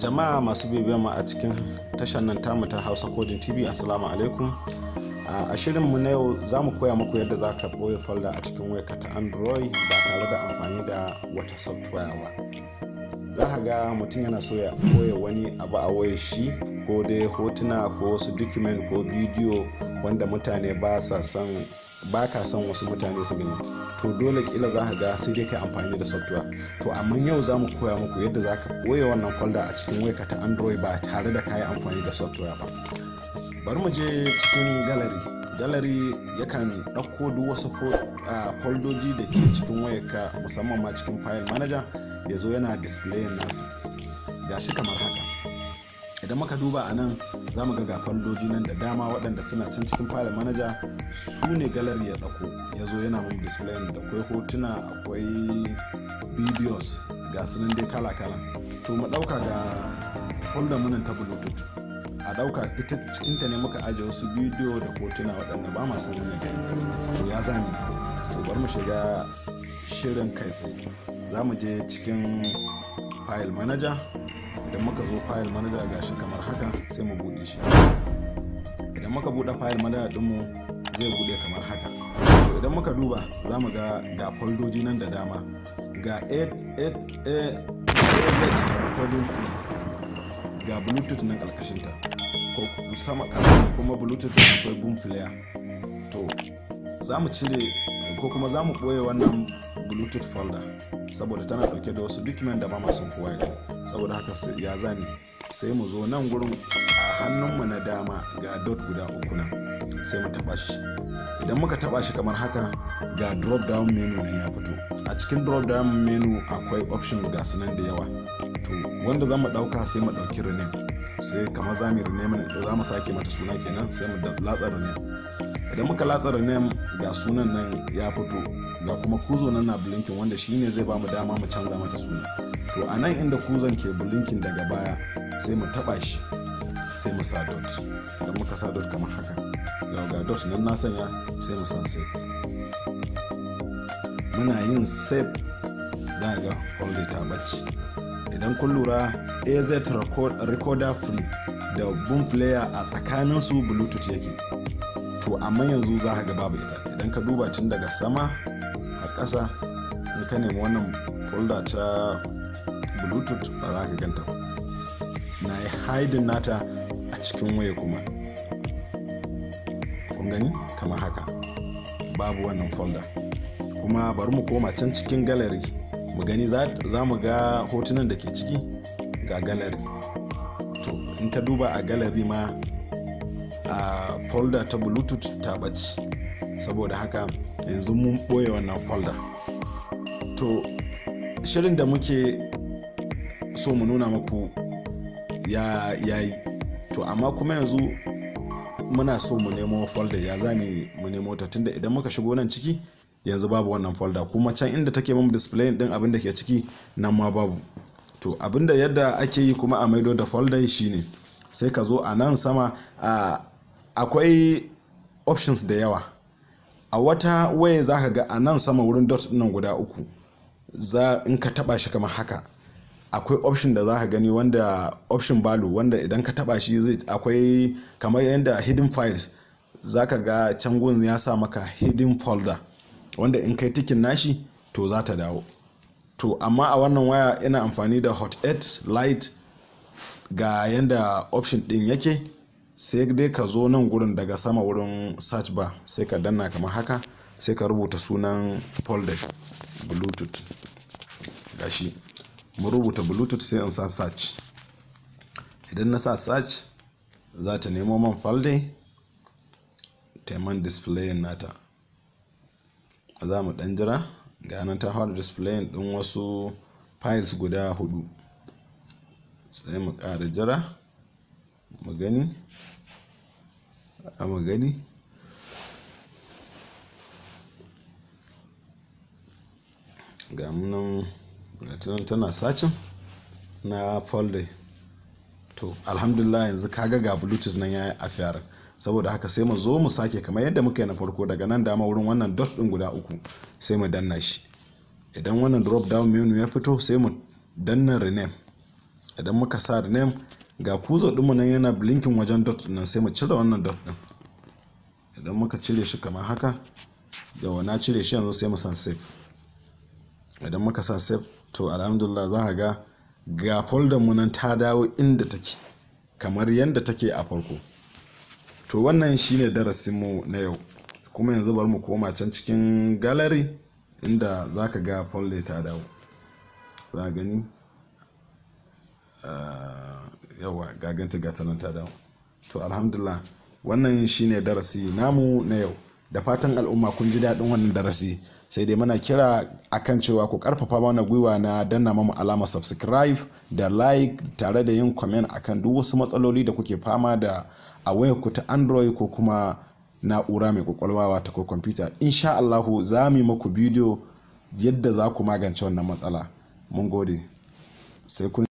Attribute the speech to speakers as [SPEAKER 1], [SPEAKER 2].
[SPEAKER 1] jama'a masu bibiyan mu a cikin tashar nan tamu ta hausa kodin tv assalamu alaikum a shirin mu na yau za mu koya muku yadda za ka ɓoye folder a cikin wayarka ta android ba tare da amfani da wata software ba za ka ga mutum yana so ya ɓoye wani abu a wayar shi ko dai hotuna ko wasu document ko bidiyo wanda mutane ba sa son ba ka son wasu mutane su gani to dole kila za ka ga sai dai ka amfani da software to amma yau za mu koya muku yadda za ka ɓoye wannan folder a cikin wayarka ta android ba tare da ka yi amfani da software ba bari mu je cikin gallery gallery yakan ɗauko duk wasu foldoji da ke cikin ka musamman ma cikin file manager ya zo yana display nasu gashi kamar haka idan muka duba a nan za mu ga faldoji nan da dama waɗanda suna can cikin fayil manaja su ne galar ya ɗauko ya zo yana mun display da akwai hotuna akwai videos ga su dai kala-kala to mu ɗauka ga folda munan ta bluetooth a ɗauka ita cikinta ne muka ajiye wasu bidiyo da hotuna waɗanda ba masu nuna da to ya zami to bar mu shiga shirin kai tsaye za mu je cikin file manager idan muka zo file manager gashi kamar haka sai mu bude shi idan muka bude file manager mu zai bude kamar haka to idan muka duba za mu ga da foldoji nan da dama ga az recording fee ga bluetooth nan karkashinta ko sama kasa kuma bluetooth akwai boom player to za mu cire ko kuma za mu ɓoye wannan bluetooth folder saboda tana ɗauke da wasu document da ba masu kowa saboda haka ya zani sai mu zo nan gurin hannunmu na dama ga dot guda uku nan sai mu taba shi idan muka taba shi kamar haka ga drop down menu nan ya fito a cikin drop down menu akwai option ga nan da yawa to wanda za mu dauka sai mu dauki rename sai kamar za mu rename za mu sake mata suna kenan sai mu latsa rename idan muka latsa rename ga sunan nan ya fito ga kuma kuzo nan na blinking wanda shine zai ba mu dama mu canza mata suna to a nan inda kuzon ke blinking daga baya sai mu taba shi sai mu sa dot idan muka sa dot kamar haka yau ga dot nan na sanya sai mu sa save muna yin save za ga holder ta bace idan kun lura az recorder free da boom player a tsakanin su bluetooth yake to amma yanzu za ga babu ita idan ka duba tun daga sama a ƙasa in ka nemi wannan folder ta bluetooth ba za ka ganta ba na yi haidin nata a cikin waya kuma kun gani kamar haka babu wannan folder kuma bari mu koma can cikin gallery mu gani za mu ga hotunan da ke ciki ga gallery to in ka duba a gallery ma a folder ta bluetooth ta ɓaci saboda haka yanzu mun ɓoye wannan folder to shirin da muke so mu nuna muku ya yi. to amma kuma yanzu muna so mu nemo folder ya za mu nemo ta tunda idan muka shigo nan ciki yanzu babu wannan folder kuma can inda take mamu display din abin da ke ciki nan ma babu to abinda yadda ake yi kuma a maido da folder shine sai ka zo a nan sama akwai options da yawa a wata waya za ka ga a nan sama wurin dot nan guda uku za in ka taba shi kamar haka akwai option da za ka gani wanda option balu wanda idan ka taba shi zai akwai kamar yadda hidden files za ka ga can ya sa maka hidden folder wanda in kai tikin nashi to za ta dawo to amma a wannan waya ina amfani da hot 8 light ga yadda option din yake sai dai ka zo nan gurin daga sama wurin search bar sai ka danna kamar haka sai ka rubuta sunan folder bluetooth gashi mu rubuta bluetooth sai in sa search idan na sa search za ta nemo man falde taiman displayin nata za mu dan jira ganin ta fara displayin din wasu files guda hudu sai mu ƙara jira mu gani a gani ga munan gata tana sacin na folder to alhamdulillah yanzu kaga ga bluetooth nan ya afiyar saboda haka sai mu zo mu sake kamar yadda muka yi na farko daga nan dama wurin wannan dot din guda uku sai mu danna shi idan wannan drop down menu ya fito sai mu danna rename idan muka sa rename ga kuzo dinmu nan yana blinking wajen dot nan sai mu cire wannan dot din idan muka cire shi kamar haka da na cire shi yanzu sai mu san save idan muka san save to alhamdulillah za ka ga ga folder mu nan ta dawo inda take kamar yadda take a farko to wannan shine darasin mu na yau kuma yanzu bari mu koma can cikin gallery inda za ka ga folder ta dawo za gani ah, yawa gaganta gatalan ta dawo to alhamdulillah wannan shine darasi namu na yau da fatan al'umma kun ji daɗin wannan darasi sai dai muna kira akan cewa ku karfafa mana gwiwa na danna mamu alama subscribe da like tare da yin comment akan duk wasu matsaloli da kuke fama da a wayarku ta android ko kuma na'ura mai kwakwalwa wata ko kwamfuta insha allahu za mu yi muku bidiyo yadda za ku magance wannan matsala mun gode sai kun